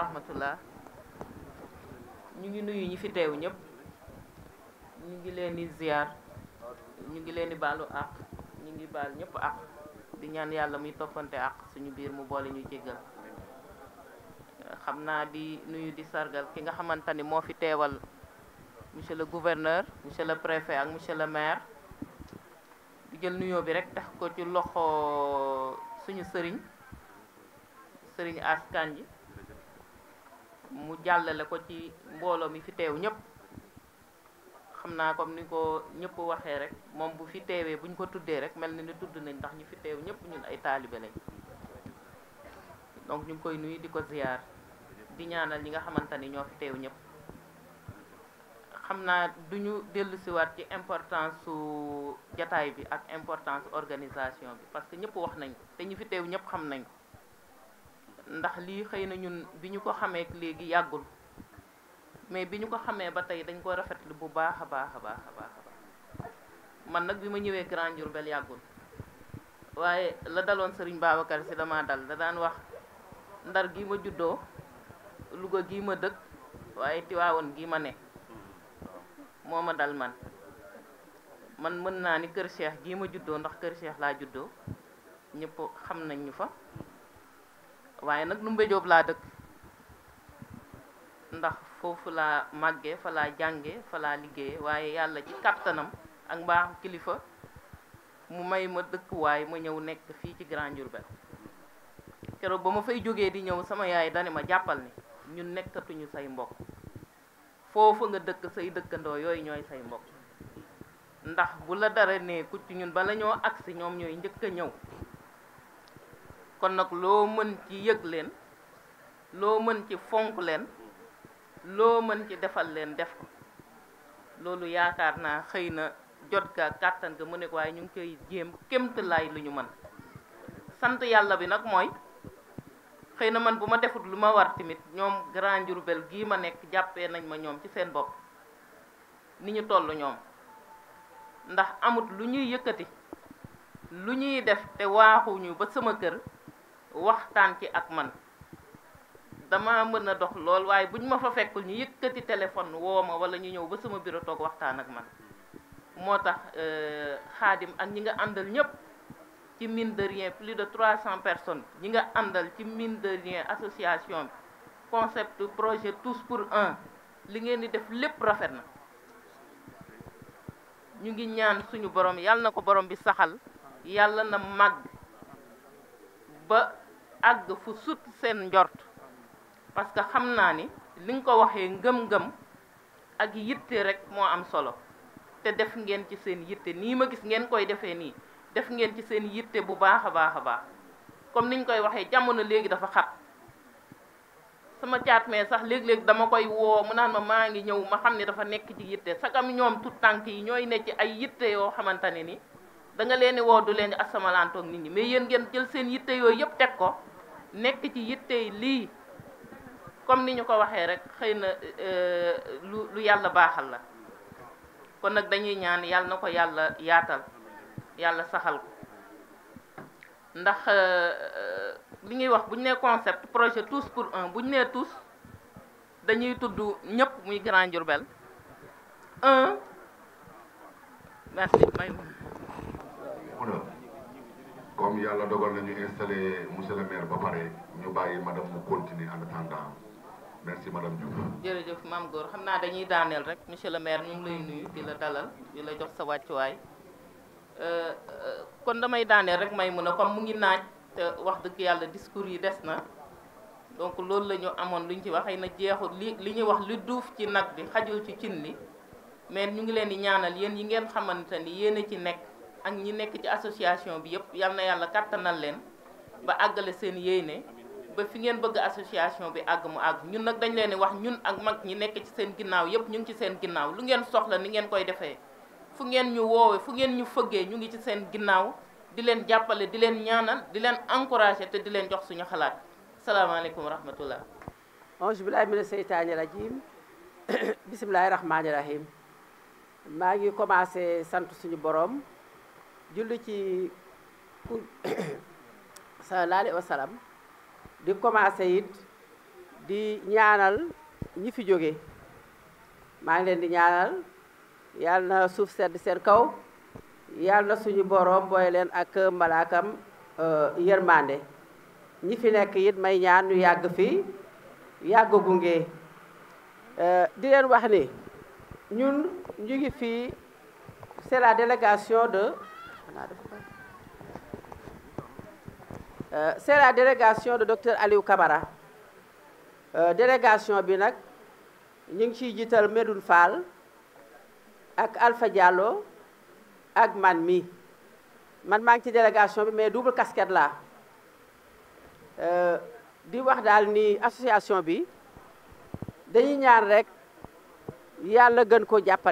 rahmatullah ñu ngi nuyu ñi fi teew ñëpp ñu ngi leen di ziar ñu ngi leen di baalu ak ñu ngi baal ñëpp ak di ñaan yàlla muy toppante ak suñu biir mu boole ñu jéggal xam naa di nuyu di sargal ki nga xamante ni moo fi teewal monsieur le gouverneur monsieur le préfet ak monsieur le maire di jël nuyoo bi rek tax ko ci loxo suñu sëriñ sëriñ askan ji mu jàllale ko ci mbooloo mi fi teew ñëpp xam naa comme ni ko ñëpp waxee rek moom bu fi teewee bu ko tuddee rek mel na ni tudd nañ ndax ñu fi teew ñëpp ñun ay taalibe lañ donc ñu ngi koy nuyu di ko ziyaar di ñaanal ñi nga xamante ni ñoo fi teew ñëpp xam naa du ñu dellusiwaat ci importance su jataay bi ak importance organisation bi parce que ñëpp wax nañ ko te ñu fi teew ñëpp xam nañ ndax lii xëy na ñun bi ñu ko xamee léegi yàggul mais bi ñu ko xamee ba tey dañ ko rafetlu bu baax a baax a baax man nag bi ma ñëwee Grand Diourbel yàggul waaye la daloon sëriñ Babacar si dama dal da daan wax ndar gi ma juddoo Louga gi ma dëkk waaye Tiwaawoon gi ma ne moo ma dal man man mën naa ni kër Cheikh gii ma juddoo ndax kër Cheikh laa juddoo ñëpp xam nañ ñu fa waaye nag Ndoumbé Diop laa dëkk ndax foofu laa màgge fa laa jànge fa laa liggéeye waaye yàlla ci kàttanam ak mbaax kilifa mu may ma dëkkuwaay ma ñëw nekk fii ci Grand Diourbel keroog ba ma fay jógee di ñëw sama yaay dane ma jàppal ni ñun nekkatuñu say mbokk foofu nga dëkk say dëkkandoo yooyu ñooy say mbokk ndax bu la dara ne ku ñun bala ñoo agsi ñoom ñooy njëkk a ñëw kon nag loo mën ci yëg leen loo mën ci fonk leen loo mën ci defal leen def ko loolu yaakaar naa xëy na jot ga kàttan ga mu nekk waaye ñu ngi koy jéem kémtalaay lu ñu mën sant yàlla bi nag mooy xëy na man bu ma defut lu ma war tamit ñoom Grand Diourbel gii ma nekk jàppe nañ ma ñoom ci seen bopp ni ñu toll ñoom ndax amut lu ñuy yëkkati lu ñuy def te waaxuñu ba sama kër waxtaan ci ak man dama mën a dox lool waaye buñ ma fa fekkul ñu yëkkati téléphone wooma wala ñu ñëw ba sama bureau toog waxtaan ak man moo tax euh, xaadim ak ñi nga àndal ñëpp ci mine de rien plus de 300 personnes ñi nga àndal ci mine de rien association bi concept projet tous pour un li ngeen di def lépp rafet na ñu ngi ñaan suñu borom yàlla na ko borom bi saxal yàlla na mag ba àgg fu sut seen njort parce que xam naa ni li nga ko waxee ngëm-ngëm ak yitte rek moo am solo te def ngeen ci seen yitte nii ma gis ngeen koy defee nii def ngeen ci seen yitte bu baax a baax a baax comme ni ñu koy waxee jamono léegi dafa xat sama caat mais sax léeg-léeg dama koy woo mu naan ma maa ngi ñëw ma xam ne dafa nekk ci yitte sagam ñoom tout tànk yi ñooy ne ci ay yitte yoo xamante ne ni da nga leen di woo du leen di asamalantoog nit ñi mais yéen ngeen jël seen yitte yooyu yëpp teg ko nekk ci yittey lii comme ni ñu ko waxee rek xëy na euh, lu lu yàlla baaxal la kon nag dañuy ñaan yàlla na ko yàlla yaatal yàlla saxal ko ndax euh, euh, li ñuy wax bu ñu nee concept projet tous pour un bu ñu nee tous dañuy tudd ñëpp muy Grand Diourbel un merci may comme yàlla dogal nañu installé monsieur ba pare ñu bàyyi madame mu continuer en attendant merci madame Diouf. jërëjëf maam Góor xam naa dañuy daaneel rek monsieur le maire ñu ngi lay nuyu dalal di la sa wàccuwaay euh, euh, kon damay daaneel rek may mun a comme mu ngi naaj te wax dëgg yàlla discours yi des na donc loolu lañu amoon lu ñu ci wax ay na jeexul li li ñuy wax li duuf ci nag bi xajul ci cin li mais ñu ngi leen di ñaanal yéen yi ngeen xamante ni yéen a ci nekk. ak ñi nekk ci association bi yëpp yal na yàlla kattanal leen ba àggale seen yéene ba fi ngeen bëgg association bi àgg mu àgg ñun nag dañ leen wax ñun ak mag ñi nekk ci seen ginnaaw yëpp ñu ngi ci seen ginnaaw lu ngeen soxla ni ngeen koy defee fu ngeen ñu woowee fu ngeen ñu fëggee ñu ngi ci seen ginnaaw di leen jàppale di leen ñaanal di leen encouragé te di leen jox suñu xalaat salaamaaleykum wa rahmatullah ange bilahi mina seytaani rajim bisimilahi rahmaani rahim maa ngi commencé sant suñu borom julli ci ku sallallahu alayhi wa di commencé it di ñaanal ñi fi jóge maa ngi leen di ñaanal yal na suuf sedd seen kaw yal na suñu boroom booy leen ak mbalaakam euh, yërmande ñi fi nekk it may ñaan ñu yàgg fi yàgg gunge euh, di leen wax ni ñun ñu ngi fii c'est la délégation de Euh, c'est la délégation de docteur Aliou Kabara euh, délégation bi nag Jital ngi Fall ak Alpha Diallo ak Manmi. man délégation bi mais double casquette là. euh, di ni association bi dañuy ñaan rek Gunko gën ko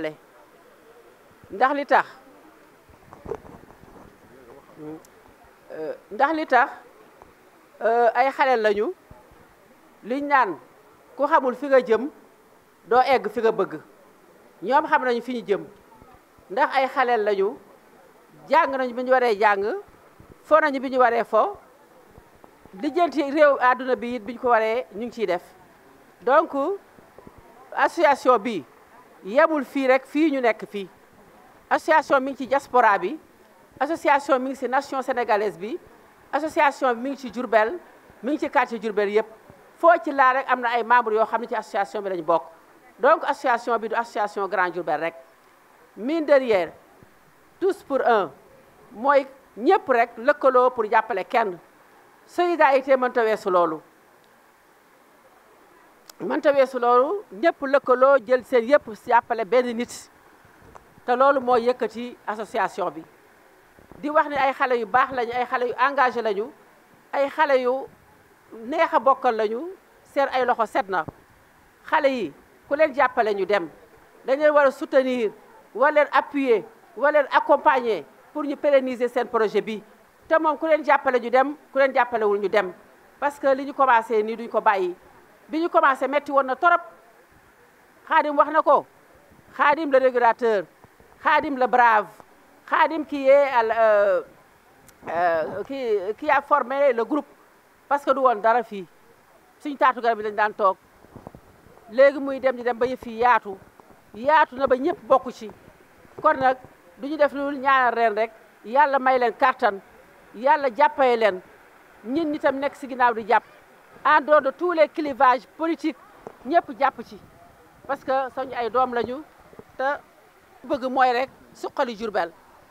Euh, ndax li tax euh, ay xaleel lañu liñ naan ku xamul fi nga jëm doo egg fi nga bëgg ñoom xam nañu fi ñu jëm ndax ay xale lañu jàng nañu bi ñu waree jàng foo nañu bi ñu waree fo lijjanti réew àdduna bi it bi ñu ko waree ñu ngi ciy def donc association bi yemul fii rek fii ñu nekk fii association mi ci diaspora bi association mi si nation sénégalaise bi association bi mi ngi ci Diourbel mi ngi ci quartier Diourbel yëpp foo ci laa am na ay membres yoo xam ne ci association bi lañu bokk donc association bi du association Grand Diourbel rek mine derrière tous pour un mooy ñëpp rek lëkkaloo pour jàppale kenn solidarité mënta weesu loolu mënta weesu loolu ñëpp lëkkaloo jël seen yëpp jàppale benn nit te loolu moo yëkkati association bi di wax ni ay xale yu baax lañu ay xale yu engagé lañu ay xale yu neex a bokkal lañu seen ay loxo set na xale yi ku leen jàppale ñu dem dañ leen war a soutenir war leen appuyer war leen accompagner pour ñu pérenniser seen projet bi te moom ku leen jàppale ñu dem ku leen jàppalewul ñu dem parce que li ñu commencé nii duñ ko bàyyi bi ñu commencé metti woon na torop xaadim wax na ko xaadim la régulateur xaadim la brave Khadim qui est euh, euh, qui qui a formé le groupe parce que du woon dara fii suñ taatu garab yi lañ daan toog léegi muy dem di dem ba yëf yi yaatu yaatu na ba ñëpp bokku ci kon nag du ñu def lu ñaanal reen rek yàlla may leen kattan yàlla jàppale leen ñun itam nekk si ginnaaw di jàpp en dehors de tous les clivages politiques ñëpp jàpp ci parce que sañu ay doom lañu te bëgg mooy rek suqali Jurbel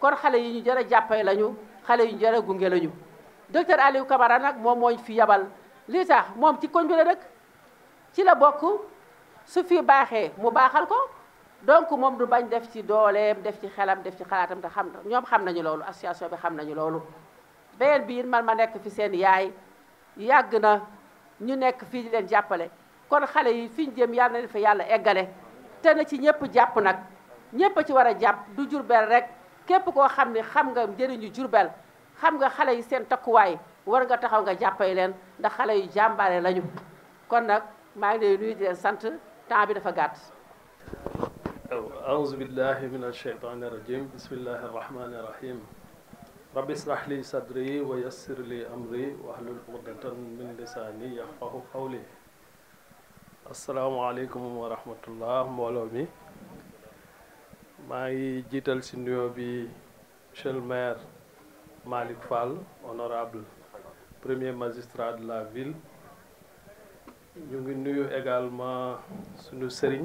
kon xale yi ñu jar jàppale lañu xale yi ñu jar a gunge lañu docteur Aliou Camara nag moom mooñ fi yabal lii tax moom ci koñ bi dëkk ci la bokk su fi baaxee mu baaxal ko donc moom du bañ def ci dooleem def ci xelam def ci xalaatam te xam ñoom xam nañu loolu association bi xam nañu loolu beneen bi man ma nekk fi seen yaay yàgg na ñu nekk fii di leen jàppale kon xale yi fi ñu jëm yàlla na leen yàlla eggale te na ci ñëpp jàpp nag ñëpp a ci war a jàpp du jur benn rek كيف كو خامني خام nga جيرنيو جوربال خام nga خالا يي سين تاكواي وار nga تاخاو nga جاباي لين دا خالا يي جامبالي لاجو كون نا ماغي لي نوي دي اعوذ بالله من الشيطان الرجيم بسم الله الرحمن الرحيم رب اشرح لي صدري ويسر لي امري واحلل عقده من لساني يفقهوا قولي السلام عليكم ورحمه الله مولاي maa ngi jiital si bi monsieur le maire Malik Fall honorable premier magistrat de la ville ñu ngi nuyu également suñu sëriñ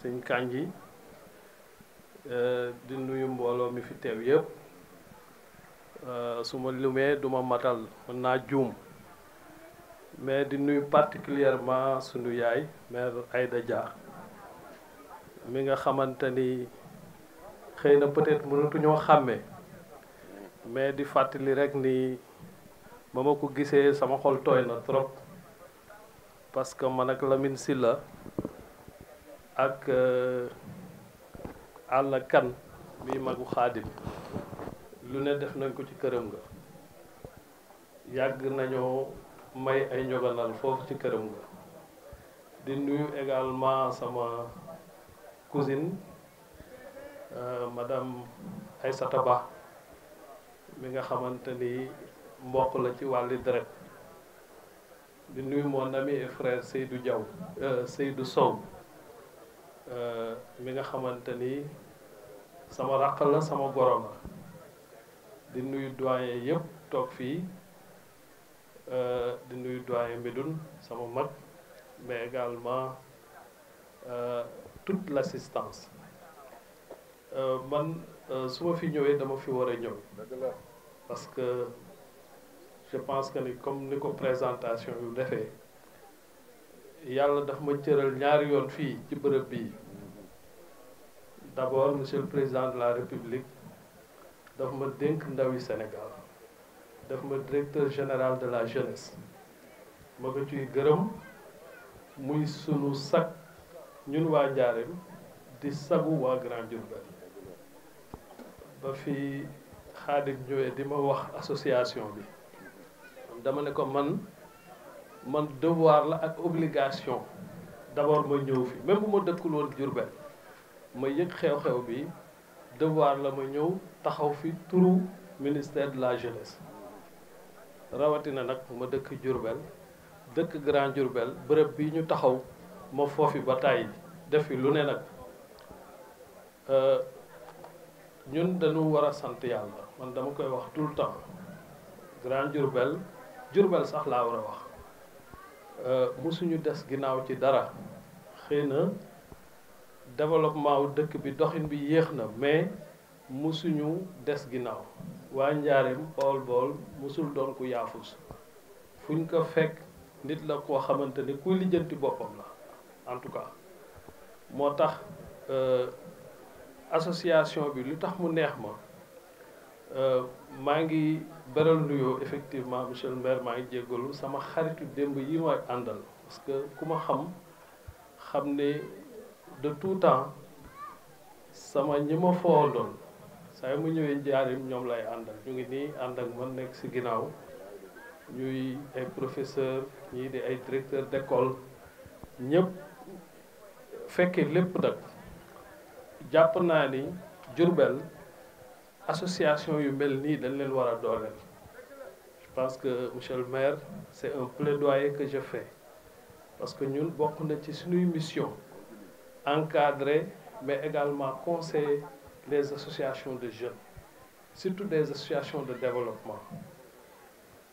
sëñ Kànji euh, di nuyu mbooloo mi fi teew yëpp euh, su ma lumee du ma matal mën naa juum mais di nuyu particulièrement suñu yaay maire Aïda Dia mi nga xamanteni ni xëy na peut-être ñoo xàmme mais di fàttali rek ni ba ma ko gisee sama xol tooy na trop parce que man ak Lamine Silla ak kan mi magu Xaadim lu ne def nañ ko ci këram nga yàgg nañoo may ay njoganal foofu ci këram nga di nuyu également sama cousine eh, madame Aissata Ba mi nga xamanteni mbokk la ci wàlli deret di nuyu mon ami et frère Seydou Diaw eh, Seydou Sow eh, mi sama Rakallah la sama gorom la di nuyu doyen yépp toog fii di sama mag mais également l'assistance euh, man euh, suis parce que je pense que comme une présentation yu y d'abord monsieur le président de la république daf Sénégal directeur général de la jeunesse Je suis gërëm ñun waa Njaareem di sagu waa Grand Diourbel ba fi Xaadim ñëwee di ma wax association bi dama ne ko man man devoir la ak obligation d'abord ma ñëw fi même bu ma dëkkul woon ma yëg xew-xew bi devoir la ma ñëw taxaw fi turu ministère de la jeunesse rawatina nag ma dëkk Diourbel dëkk Grand Diourbel bërëb bi ñu taxaw ma foofi ba tàyyi def fi lu ne nag euh, ñun dañu war a sant yàlla man dama koy wax tout le temps grand Diourbel Diourbel sax laa war a wax euh, musuñu des ginnaaw ci dara xëy na développement dëkk bi doxin bi yéex na mais mu suñu des ginnaaw waa njaareem bool bool musul doon ku yaafus fu ñu ko fekk nit la koo xamante ni kuy lijjanti boppam la en tout cas moo tax euh, association bi lu tax mu neex ma euh, maa ngi beral nuyoo effectivement monsieur le maire maa ngi jéggalu sama xaritu démb yi ma àndal parce que ku ma xam xam ne de tout temps sama ñi ma fooloon saa mu ñëwee njaarim ñoom lay àndal ñu ngi nii ànd ak man nekk ci ginnaaw ñuy ay professeur ñii di ay directeur d'école ñëpp fait que nag japp na ni Jurbel association yu mel ni dañ leen je pense que monsieur le maire c'est un plaidoyer que je fais parce que ñun bokk na ci mission encadrer mais également conseiller les associations de jeunes surtout des associations de développement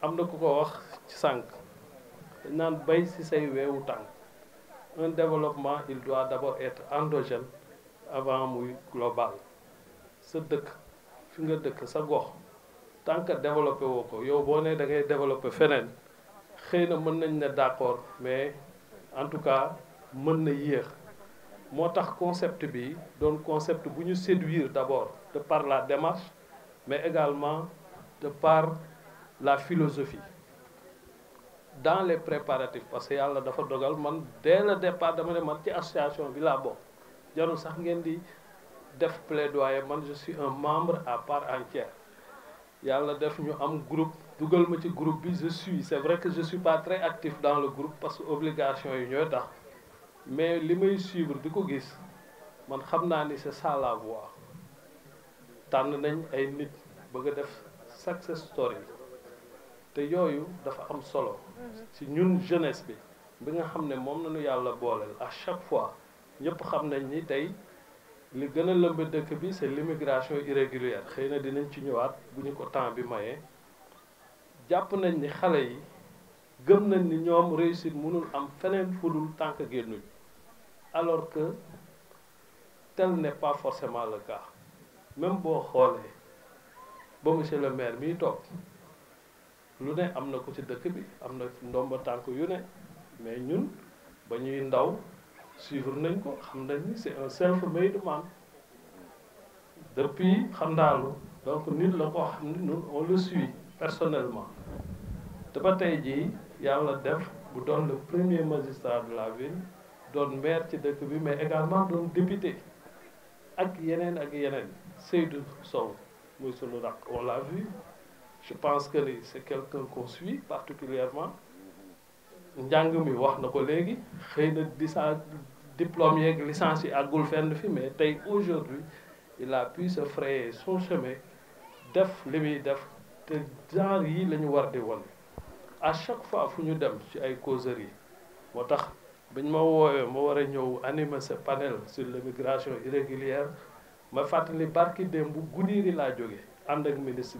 am na ku ko wax ci sànq naan bay ci say un développement il doit d'abord être endogène avant muy global C'est ce fi nga veux sa gox tant que développé développez, vous yow bo né da ngay développé ne xëy nañ d'accord mais en tout cas mën na yéex que concept bi un concept buñu séduire d'abord de par la démarche mais également de par la philosophie dans les préparatifs parce que yalla dafa dogal man dès le départ dama ne man ci association bi la bokk jarul sax ngeen di def plaidoyer man je suis un membre à part entière yalla def ñu am groupe dugal ma ci groupe bi je suis c'est vrai que je suis pas très actif dans le groupe parce que obligation yi ñoy tax mais limay suivre diko ko gis man xamna ni c'est ça la voie tànn nañ ay nit bëgg def success story te yooyu dafa am solo si ñun jeunesse bi bi nga xam ne moom nañu yàlla booleel à chaque fois ñëpp xam nañ ni tey li gën a lëmb dëkk bi c'est l'immigration irrégulière xëy na dinañ ci ñëwaat bu ñu ko temps bi mayee jàpp nañ ni xale yi gëm nañ ni ñoom réussite mënul am feneen fudul tànk génnuñ alors que tel n'est pas forcément le cas même boo xoolee ba monsieur le maire miy toog lu ne am na ko ci dëkk bi am na ndomba tànk yu ne mais ñun ba ñuy ndaw suivre nañ ko xam nañ ni c'est un self made depuis xandaalu donc nit la ko xam ni ñun on le personnellement te tey ji yàlla def bu doon le premier magistrat de la ville doon maire ci dëkk bi mais également doon député ak yeneen ak yeneen Seydou Sow muy sunu rakk on l'a vu je pense que c'est quelqu'un qu'on suit particulièrement njàng nos collègues, na ko léegi xëy na disa diplôme licence yi mais aujourd'hui il a pu se frayer son chemin def li muy def te genre yi la à chaque fois fu ñu dem ci ay causeries moo tax biñ ma animer ce panel sur l'immigration irrégulière je suis barki à bu barque de jóge ànd ministre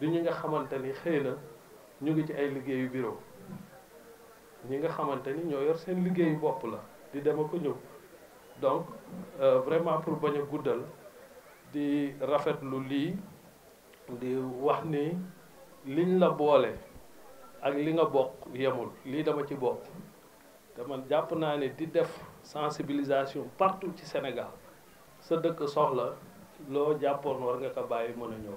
du ñu nga xamante ni xëy na ñu ngi ci ay liggéeyu bureau ñi nga xamante ni ñoo yor seen liggéeyu bopp la di dem ak ko ñëw donc euh, vraiment pour bañ guddal di rafetlu lii di wax ni liñ la boole ak li nga bokk yemul lii dama ci bokk te man jàpp naa ne di def sensibilisation partout ci Sénégal sa dëkk soxla loo jàppoon war nga ko bàyyi mën a ñëw.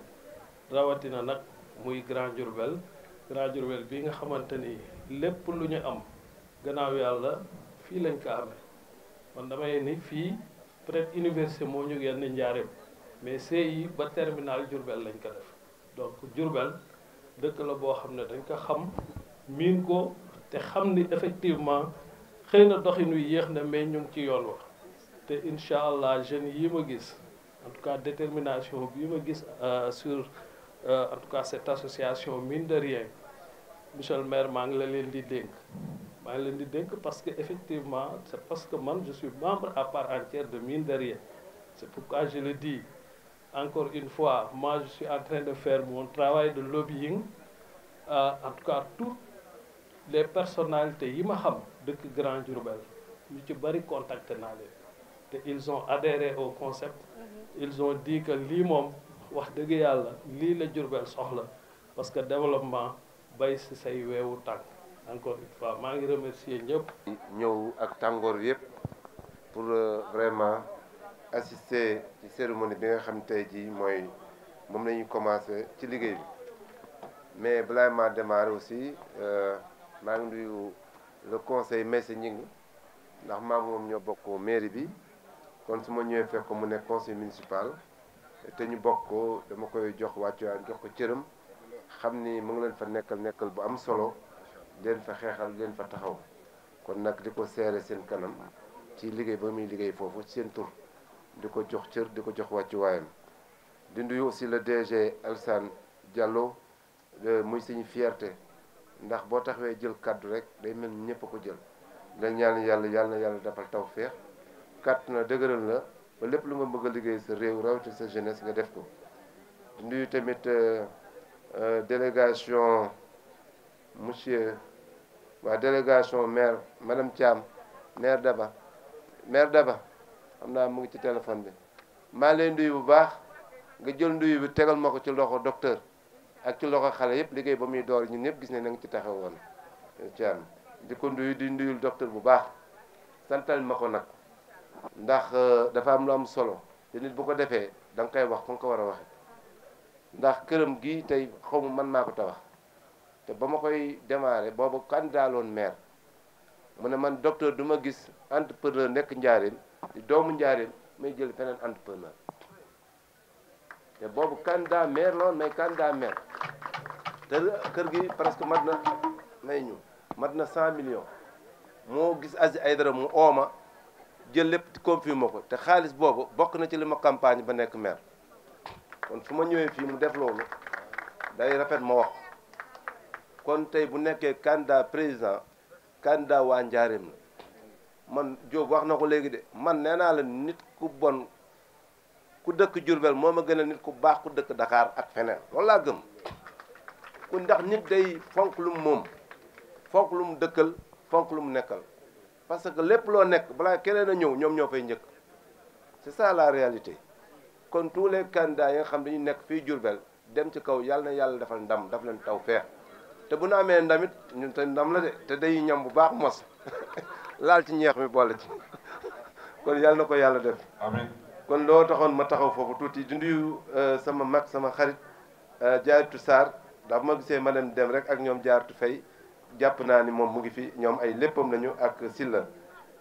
na nag muy Grand Diourbel Grand Diourbel bi nga xamante ni lépp lu ñu am gannaaw yàlla fii lañ ko amee man damay ni fii peut-être université moo ñu yenn njaareem mais CI ba terminal Diourbel lañ ko def donc Diourbel dëkk la boo xam ne dañ ko xam miin ko te xam ni effectivement xëy na doxin wi yéex na mais ñu ci yoon wax te incha allah jeunes yi ma gis en tout cas détermination bi ma gis euh, sur Euh, en tout cas cette association mine de rien monsieur le maire parce que effectivement c'est parce que je suis membre à part entière de mine de rien c'est pourquoi je le dis encore une fois moi je suis en train de faire mon travail de lobbying euh, en tout cas toutes les personnalités yi de xam Grand ils ont adhéré au concept mhm. ils ont dit que l'imam wax deug yalla li la Jurbel soxla parce que développement bay ci say weewu tànk encore une fois maa ngi remercier ñep ñew ak tangor yep pour euh, vraiment assister ci cérémonie bi nga xam tay ji moy mom la commencer ci liggéey bi mais balaa ma démarrer aussi euh, maa ngi nuyu le conseil messe ñing ndax ma mom ñoo bokk mairie bi kon suma ma fekk mu nekk conseil municipal te ñu bokk ko dama koy jox wàccuwaayam jox ko cëram xam ni mu ngi leen fa nekkal nekkal bu am solo leen fa xeexal leen fa taxaw kon nag di ko seere seen kanam ci liggéey ba muy liggéey foofu seen tur di ko jox cër di ko jox wàccuwaayam di nuyu aussi le DG Alsane Diallo euh, muy suñu fierte ndax boo taxawee jël kàddu rek day mel ñëpp a ko jël nga ñaan yàlla yàlla yàlla defal tawféex kàtt na dëgëral la ba lépp lu nga bëgg a liggéey sa réew rawatina sa jeunesse nga def ko di nuyu tamit euh, euh, délégation monsieur waa délégation maire madame Thiam maire Daba maire Daba xam naa mu ngi ci téléphone bi maa leen nuyu bu baax nga jël nuyu bi tegal ma ko ci loxo docteur ak ci loxo xale yëpp liggéey ba muy door ñun ñëpp gis ne na nga ci taxawoon Thiam di ko nuyu di nuyul docteur bu baax santal ma ko nag ndax euh, dafa am lu am solo te nit bu ko defee danga nga koy wax fa nga ko war a waxe ndax këram gi tey xaw ma man maa ko tabax te ba ma koy démarrer boobu candidat loon maire mu ne man docteur du ma gis entrepreneur nekk njaareem di doomu njaareem may jël feneen entrepreneur te boobu candidat maire loon may candidat maire te kër gi presque mat na may ñu mat na cent million moo gis asi ay dara mu ooma jël lépp confirmé ko te xaalis boobu bokk na ci li ma campagne ba nekk maire kon su ma ñëwee fii mu def loolu day rafet ma wax kon tey bu nekkee candidat président candidat waa njaareem la man Diop wax na ko léegi de man nee naa la nit ku bon ku dëkk Jurbel moo ma gën a nit ku baax ku dëkk Dakar ak feneen loolu laa gëm ku ndax nit day fonk lu mu moom fonk lu mu dëkkal fonk lu mu nekkal parce que lépp loo nekk balaa keneen a ñëw ñoom ñoo fay njëkk ci ça la réalité kon tous les candidats yi nga xam dañu nekk fii Diourbel dem ci kaw yàlla na yàlla defal ndam daf leen taw feex te bu nu amee ndamit ñun te ndam la de te day ñam bu baax mos laal ci ñeex mi boole ci kon yàlla na ko yàlla def amiin kon loo taxoon ma taxaw foofu tuuti di nuyu euh, sama mag sama xarit jaaritu euh, Sarr dafa ma gisee ma dem dem rek ak ñoom jaaritu Faye jàpp naa ni moom mu ngi fi ñoom ay léppam lañu ak Silla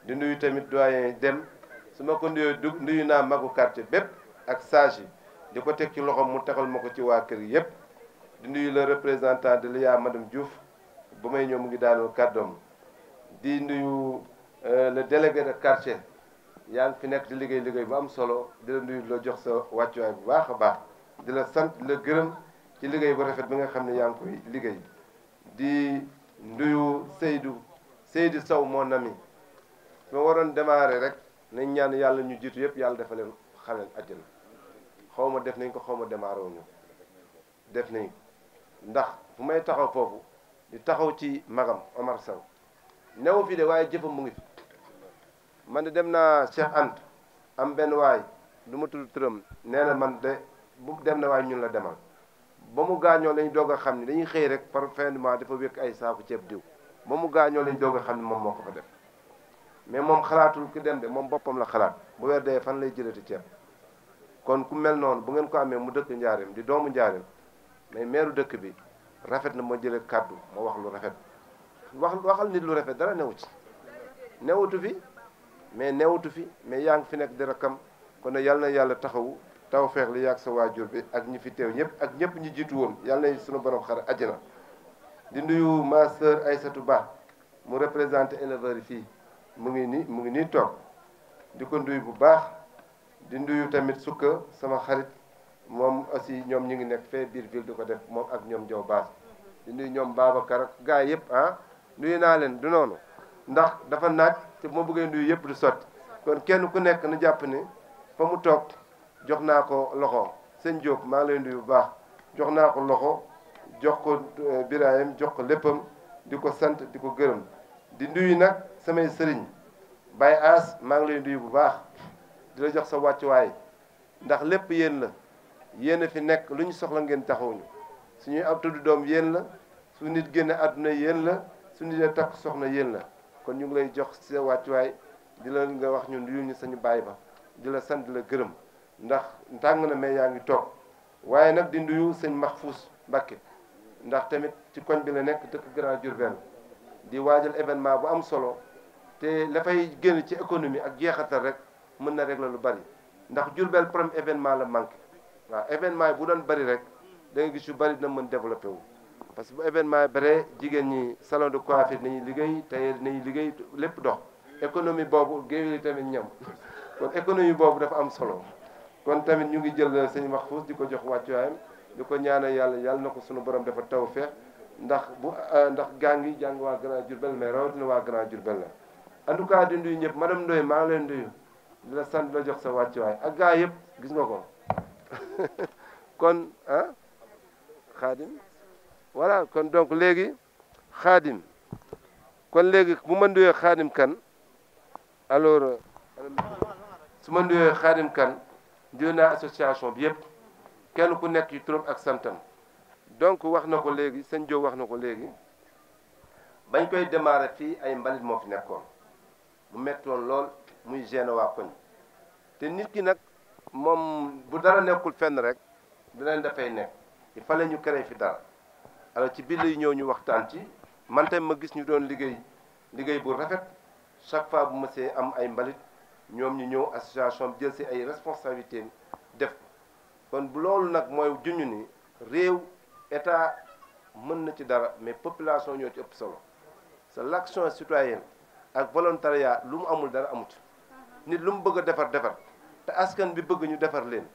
di nuyu tamit doyen Dem su ma ko nuyoo dugg nuyu naa magu quartier bépp ak sage yi di ko teg ci loxoom mu taxal ma ko ci waa kër yëpp di nuyu la représentant de l'IA madame Diouf bu may ñëw mu ngi daanoo kàddoom di nuyu euh, le délégué de quartier yaa ngi fi nekk di liggéey liggéey bu am solo di la nuyu di la jox sa wàccuwaay bu baax a baax di la sant la gërëm ci liggéey bu rafet bi nga xam ne yaa ngi koy liggéey nduyu Seydou Seydou Sow mon ami su ma waroon démarrer rek nañ ñaan yàlla ñu jiitu yëpp yàlla dafa leen xamel àjjana xaw ma def nañ ko xaw ma démarrer ñu def nañ ndax bu may taxaw foofu di taxaw ci magam Omar Sow newu fi de waaye jëfam mu ngi man de dem naa Cheikh Ant am benn waay du ma tudd turam nee na man de bu dem na waay ñun la demal ba mu gaañoo lañ doog a xam ne dañuy xëy rek par fin du mois dafa wékk ay saaku ceeb diw ba mu gaañoo lañ doog a xam ne moom moo ko fa def mais moom xalaatul ki dem de moom boppam la xalaat bu weer dee fan lay jëlati ceeb kon ku mel noonu bu ngeen ko amee mu dëkk njaareem di doomu njaareem mais meeru dëkk bi rafet na ma jële kàddu ma wax lu rafet wax waxal nit lu rafet dara new ci newutu fi mais newutu fi mais yaa ngi fi nekk di rakkam kon ne yàlla na yàlla taxawu taw tawfeex li yàgg sa waajur bi ak ñi fi teew ñëpp ak ñëpp ñi jiitu woon yàlla nañu sunu borom xar àjjana di nduyu ma ay Aïssatou Ba mu représenté éleveurs fii mu ngi nii mu ngi nii toog di ko nuyu bu baax di nduyu tamit sukka sama xarit moom aussi ñoom ñu ngi nekk fee biir ville du ko def moom ak ñoom Jaw baax di nuyu ñoom Babacar kar gars yëpp ah nuyu naa leen di noonu ndax dafa naaj te moo bëggee nuyu yëpp du sot kon kenn ku nekk na jàpp ni fa mu toog. jox naa ko loxo sëñ Diop maa ngi lay nuyu bu baax jox naa ko loxo jox ko euh, biraayam jox ko léppam di ko sant di ko gërëm di nuyu nag samay sëriñ bay As maa ngi lay nuyu bu baax di la jox sa wàccuwaay ndax lépp yéen la yéen a fi nekk lu ñu soxla ngeen taxawuñu suñuy ab tudd doom yéen la su nit génne àdduna yéen la su nit a takk soxna yéen la kon ñu ngi lay jox sa wàccuwaay di la nga wax ñun nuyu ñu sañu baay ba di la sant di la gërëm. ndax tàng na mais yaa ngi toog waaye nag di nuyu sëñ Mahfous Mbacké ndax tamit ci koñ bi la nekk dëkk Grand Diourbel di waajal événement bu am solo te dafay fay génn ci économie ak jeexatal rek mën na la lu bari ndax Diourbel premier événement la manqué waa événement yi bu doon bari rek da nga gis yu bari dina mën développé wu. parce que bu événement yi bare jigéen ñi salon de coiffure nañu liggéey tailleur nañu liggéey lépp dox économie boobu géej tamit ñam kon économie boobu dafa am solo. kon tamit ñu ngi jël sëñ Mahfouz di ko jox wàccuwaayam di ko ñaanal yàlla yàlla na ko sunu borom dafa taw feex ndax bu euh, ndax gaa ngi jàng waa Grand Diourbel mais rawatina waa Grand Diourbel la en tout cas di ñëpp madame Ndoye maa leen di la sant la jox sa wàccuwaay ak gaa yëpp gis nga ko kon ah xaadim voilà kon donc léegi xaadim kon léegi bu ma nuyoo xaadim kan alors euh, su ma nuyoo xaadim kan jël naa association bi yëpp kenn ku nekk ci trop ak santam donc wax na ko léegi sëñ Diop wax na ko léegi bañ koy démarré fii ay mbalit moo fi nekkoon mu mettoon lool muy gêné waa koñ te nit ki nag moom bu dara nekkul fenn rek beneen dafay nekk il fallait ñu créer fi dara alors ci biir lay ñëw ñu waxtaan ci man tamit ma gis ñu doon liggéey liggéey bu rafet chaque fois bu ma am ay mbalit ñoom ñu ñëw association jël si ay responsabilités def ko kon bu loolu nag mooy junj ni réew état mën na ci dara mais population ñoo ci ëpp solo sa l'action citoyenne ak volontariat lu mu amul dara amut nit lu mu bëgg a defar defar te askan bi bëgg ñu defar leen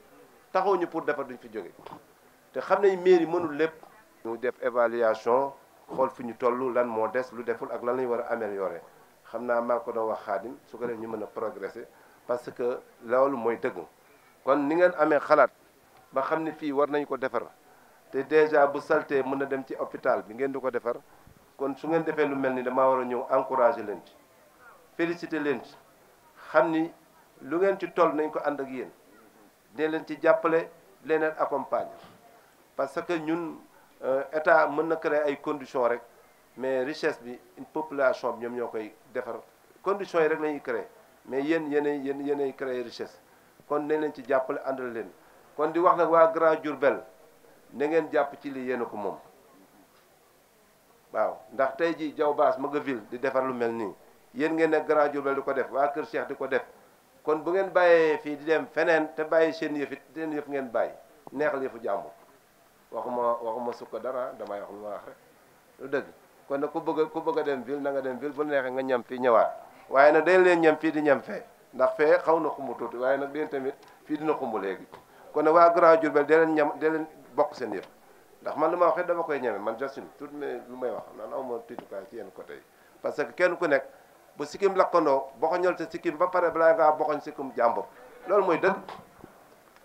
taxaw ñu pour defar duñ fi jóge te xam ne mairie mënul lépp ñu def évaluation xool fi ñu toll lan moo des lu deful ak lan lañu war a améliorer xam naa maa ngi ko doon wax xaadim su ko def ñu mën a progresser parce que loolu mooy dëggu kon ni ngeen amee xalaat ba xam ne fii war nañ ko defar te déjà bu saltee mën na dem ci hôpital bi ngeen di ko defar kon su ngeen defee lu mel ni damaa war a ñëw encourager leen ci féliciter leen ci xam ni lu ngeen ci toll nañ ko ànd ak yéen dina leen ci jàppale leneen accompagner parce que ñun euh, état mën na créer ay conditions rek mais richesse bi une population bi ñoom ñoo koy defar yi rek lañuy créer mais yene yene yene yene créer richesse kon nañ leen ci jàppale andal leen kon di wax nak wa Grand Diourbel na ngeen japp ci li yene ko mom waaw ndax tay ji jaw bass ma nga ville di defar lu mel ni yéen ngeen nak Grand Diourbel di ko def wa keur Cheikh diko def kon bu ngeen baye fi di dem fenen te baye seen yef it seen ngeen baye neexal yëfu jàmbur waxuma waxuma suko dara dama wax lu wax rek lu deug kon nag ku bëgg ku bëgg a dem ville nanga dem ville bu neexee nga ñam fii ñëwaat waaye na day leen ñam fii di ñam fee ndax fee xaw na xumb tuuti waaye nag leen tamit fii dina xumb léegi kon nag waa Grand Diourbel da leen ñam da leen bokk seen yëpp ndax man lu ma waxee dama koy ñame man Justine tout lu ma wax naan awma tiitukaay ci yenn côté yi parce que kenn ku nekk bu sikkim lakkandoo boxoñal sa sikkim ba pare balaa ngaa boxoñ sikkim jàmbur loolu mooy dëgg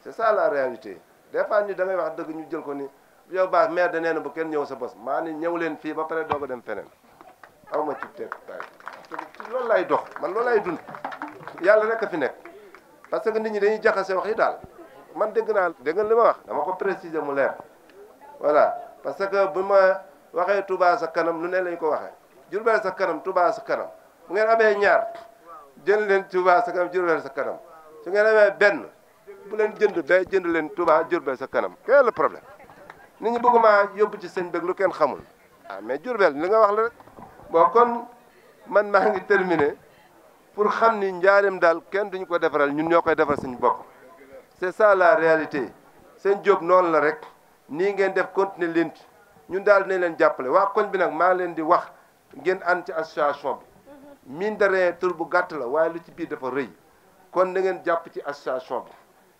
c'est ça la réalité des fois ñu da ngay wax dëgg ñu jël ko ni yow baax mère da nee bu kenn ñëw sa bos maa ni ñëw leen fii ba pare doog a dem feneen aw ma ci teg loolu lay dox man loolu lay dund yàlla rek fi nekk parce que nit ñi dañuy jaxase wax yi daal man dégg naa dégg li ma wax dama ko préciser mu leer voilà parce que bu ma waxee Touba sa kanam lu ne lañ ko waxee Diourbel sa kanam Touba sa kanam bu ngeen amee ñaar jël leen Touba sa kanam Diourbel sa kanam su ngeen amee benn bu leen jënd day jënd leen Touba Diourbel sa kanam quel est problème nit ñi bëgg maa yóbbu ci sëñ beeg lu kenn xamul ah mais Diourbel li nga wax la rek bon kon man maa ngi terminé pour xam ni njaarim daal kenn duñu ko defaral ñun ñoo koy defar suñu bopp c'est ça la réalité seen jóob noonu la rek nii ngeen def continuer leen ñun daal dinañ leen jàppale waa koñ bi nag maa leen di wax ngeen an ci association bi mhm. mine de rien bu gàtt la waaye lu ci biir dafa rëy kon na ngeen jàpp ci association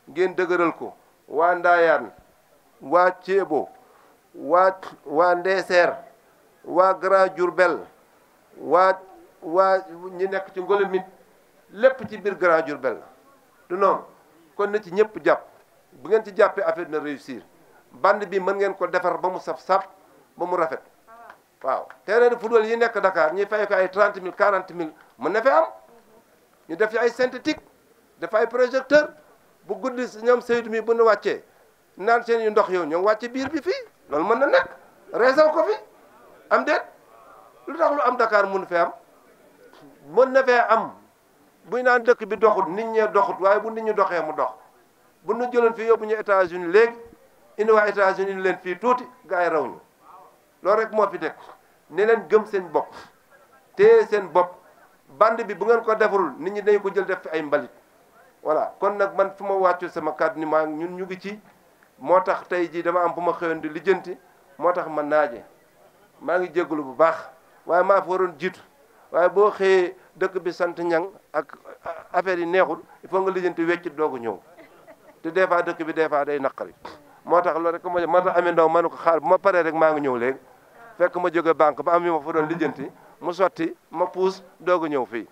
bi ngeen dëgëral ko waa Ndaayaan waa Thiébo waa waa Ndeeseer waa Grand Diourbel waa waa ñi nekk ci Ngolomit lépp ci biir Grand Diourbel du noonu kon na ci ñëpp jàpp bu ngeen ci jàppee affaire na réussir band bi mën ngeen ko defar ba mu saf-saf ba mu rafet waaw terrain de football yi nekk Dakar ñi fay ko ay 30 000 40 000 mën na am ñu def ci ay synthétique def ay projecteur bu guddi ñoom Seydou mi bu nu wàccee naan seen yu ndox yow ñoo ngi wàcce biir bi fi loolu mën na nekk reesal ko fi am déet lu tax lu am Dakar mun fee am mën na fee am buñ naan dëkk bi doxut nit ñee doxut waaye bu nit ñu doxee mu dox bu nu jëloon fii yóbbu ñu États-Unis léegi indi waa États-Unis leen fii tuuti gars yi raw ñu loolu rek moo fi nekk ne leen gëm seen bopp téye seen bopp bande bi bu ngeen ko defarul nit ñi dañu ko jël def fi ay mbalit voilà kon nag man fu ma wàccu sama kàddu ni maa ñun ñu ngi ci moo tax tey jii dama am bu ma xëyoon di lijjanti moo tax ma naaje maa ngi jégalu bu baax waaye maa fa waroon jiitu waaye boo xëyee dëkk bi sant ñang ak affaire yi neexul il faut nga lijjanti weccit doogu ñëw te des fois dëkk bi des fois day naqari. moo tax loolu rek moo moo tax amee ndaw ma ko xaar bu ma paree rek maa ngi ñëw léegi fekk ma jóge banque ba am yu ma fa lijjanti mu sotti ma puus doogu ñëw fii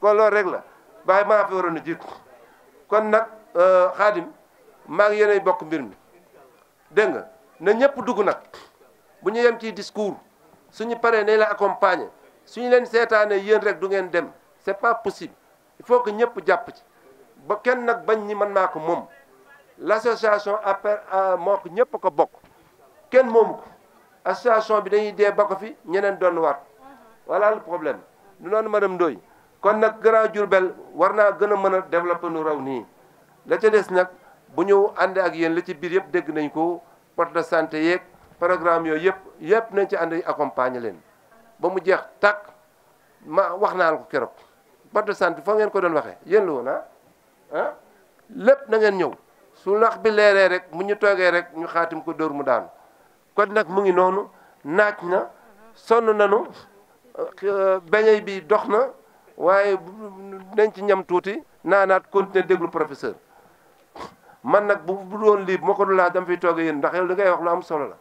kon loolu rek la waaye maa fa waroon a jiitu kon nag euh, xaadim maa ngi yéenay bokk mbir mi. Deng, nga na ñepp dugg nak bu ñu yam ci discours suñu paré né la accompagner suñu leen sétane yeen rek du ngeen dem c'est pas possible il faut que ñepp japp ci ba kenn nak bañ ni man mako mom l'association après moo ko ko bok kenn mom ko association bi dañuy dé bako fi ñeneen doon war voilà le problème du non madame doy kon nak Grand jurbel warna gëna mëna développer nu raw ni la ca dess nak bu ñu ànd ak yéen la ci biir yëpp dégg nañ ko porte de santé yeeg programme yooyu yëpp yëpp nañ ci ànd accompagner leen ba mu jeex tàkk ma wax naa ko keroog porte de santé foo ngeen ko doon waxee yéen la woon ah ah lépp na ngeen ñëw su nax bi leeree rek mu ñu toogee rek ñu xaatim ko dóor mu daanu kon nag mu ngi noonu naaj na sonn nañu euh, beñey bi dox na waaye nañ ci ñam tuuti naat continuer déglu professeur man nag bu bu doon lii bu ko du laa dem fiy toog yen ndax yow li ngay wax lu am solo la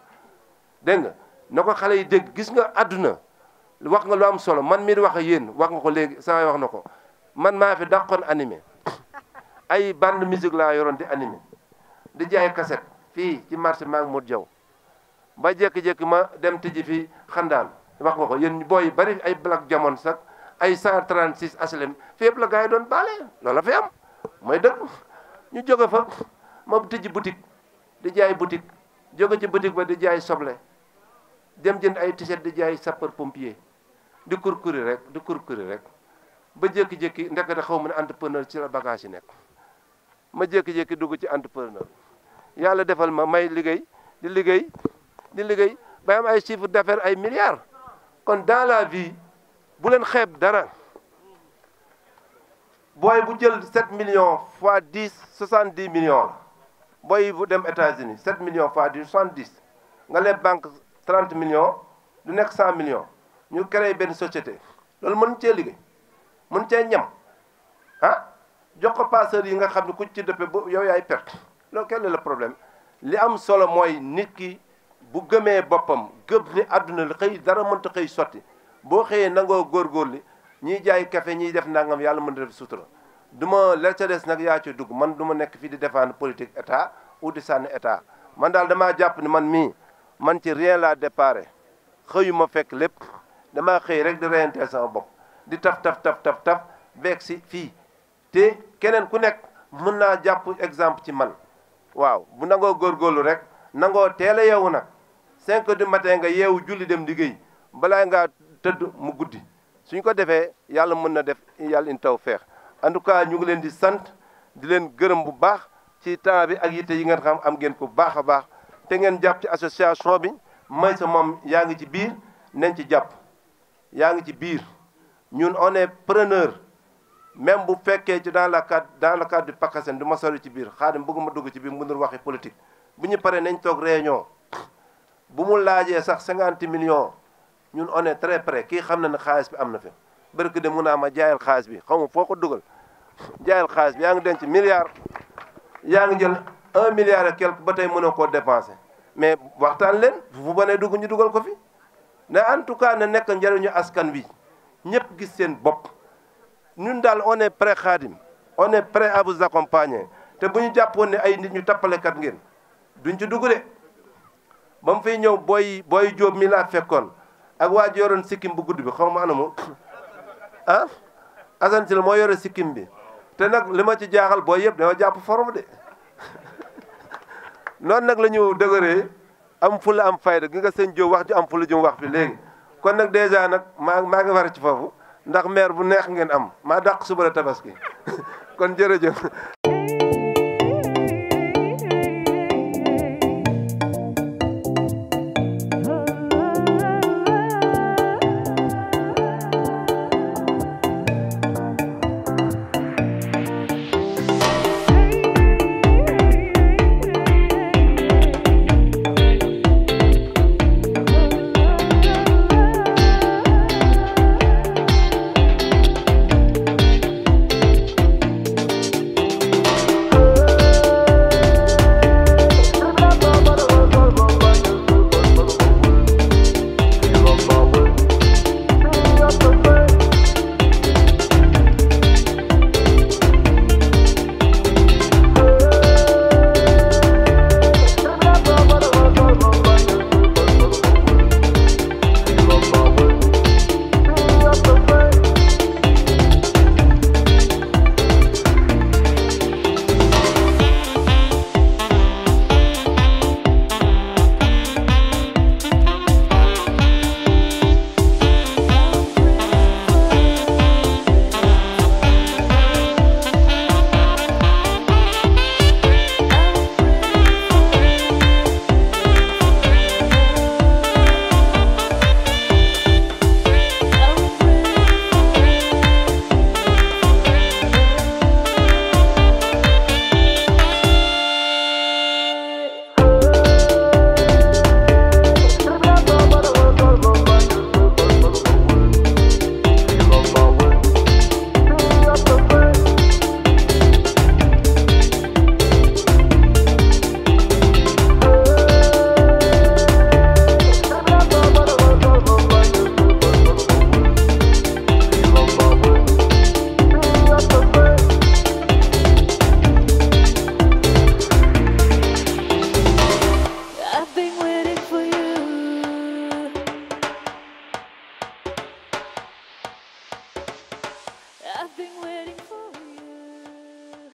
dégg nga na ko xale yi dégg gis nga àdduna wax nga lu am solo man mii di wax ak yéen wax nga ko léegi saa wax na ko man maa fi dàqoon animé ay bande musique laa yoroon di animé di jaay kaset fii ci marché maa ngi mot jaw ba jékki-jékki ma dem tijji fii xandaan wax nga ko yéen booy bari ay black jamon sax ay 136 aslem fi yëpp la gars yi doon baale loola fi am mooy dëgg ñu jóge fa moom tëj boutique di jaay boutique jóge ci boutique ba di jaay soble dem jënd ay t-shirt di jaay sapeur pompier di kurkuri rek di kurkuri rek ba jékki-jékki ndekete xaw ma ne entrepreneur ci la bagage yi nekk ma jékki-jékki dugg ci entrepreneur yàlla defal ma may liggéey di liggéey di liggéey ba am ay chiffre d'affaires ay milliards kon dans la vie bu leen xeeb dara booy bu jël 7 million fois 10 dix millions booy bu dem États-Unis 7 million fois du 70 nga leb banque 30 million du nekk 100 million ñu créé benn société loolu mën cee liggéey mën cee ñam ah jox ko passeur yi nga xam ne ku ci dëppe bu yow yaay perte loo quel la problème li am solo mooy nit ki bu gëmee boppam gëm ni àdduna li xëy dara mënta xëy sotti boo xëyee nangoo góor góor li ñuy jaay café ñuy def nangam yàlla mën a def sutura du ma la ca des nag yaa ci dugg man du ma nekk fii di défendre politique état ou di sànni état man daal damaa jàpp ni man mii man ci rien laa déparé xëyuma fekk lépp damaa xëy rek di reyanteel sama bopp di taf taf taf taf taf beeg si fii te keneen ku nekk mën naa jàpp exemple ci man waaw bu nangoo góorgóorlu rek nangoo teel a yeewu nag cinq heures du matin nga yeewu julli dem liggéey balaa ngaa tëdd mu guddi suñ ko defee yàlla mën na def yàlla in taw feex en tout cas ñu ngi leen di sant di leen gërëm bu baax ci temps bi ak yitte yi nga xam am ngeen ko baax a baax te ngeen jàpp ci association bi may sa moom yaa ngi ci biir nañ ci jàpp yaa ngi ci biir ñun on est preneur même bu fekkee ci dans la cadre dans le cadre du PACASEN du ma sori ci biir xaadim ma dugg ci biir mënul waxi politique bu ñu paree nañ toog réunion bu mu laajee sax 50 millions ñun on est très près kii xam na ne xaalis bi am na fi bërk de mun naa ma jaayal xaalis bi xaw ma foo ko dugal jaayal xaalis bi yaa ngi denc milliard yaa ngi jël un milliard et quelque ba tey mënoo koo dépensé mais waxtaan leen bu banee dugg ñu dugal ko fi ne en tout cas na nekk njëriñu askan wi ñëpp gis seen bopp ñun daal on est prêt Khadim on est prêt à accompagner te bu ñu jàppoon ne ay nit ñu tappalekat ngeen duñ ci dugg de ba mu fay ñëw booy booy jóob mi laa fekkoon ak waa ji yoroon sikkim bu gudd bi xaw ma anamu ah Assane moo yore sikkim bi te nag li ma ci jaaxal booy yëpp dañoo jàpp forme de noonu nag la ñu dëgëree am fulla am fayda gi nga sëñ Diop wax ju am fulla jum wax fi léegi kon nag dèjà nag maa maa ngi war ci foofu ndax maire bu neex ngeen am maa dàq suba la tabaski kon jërëjëf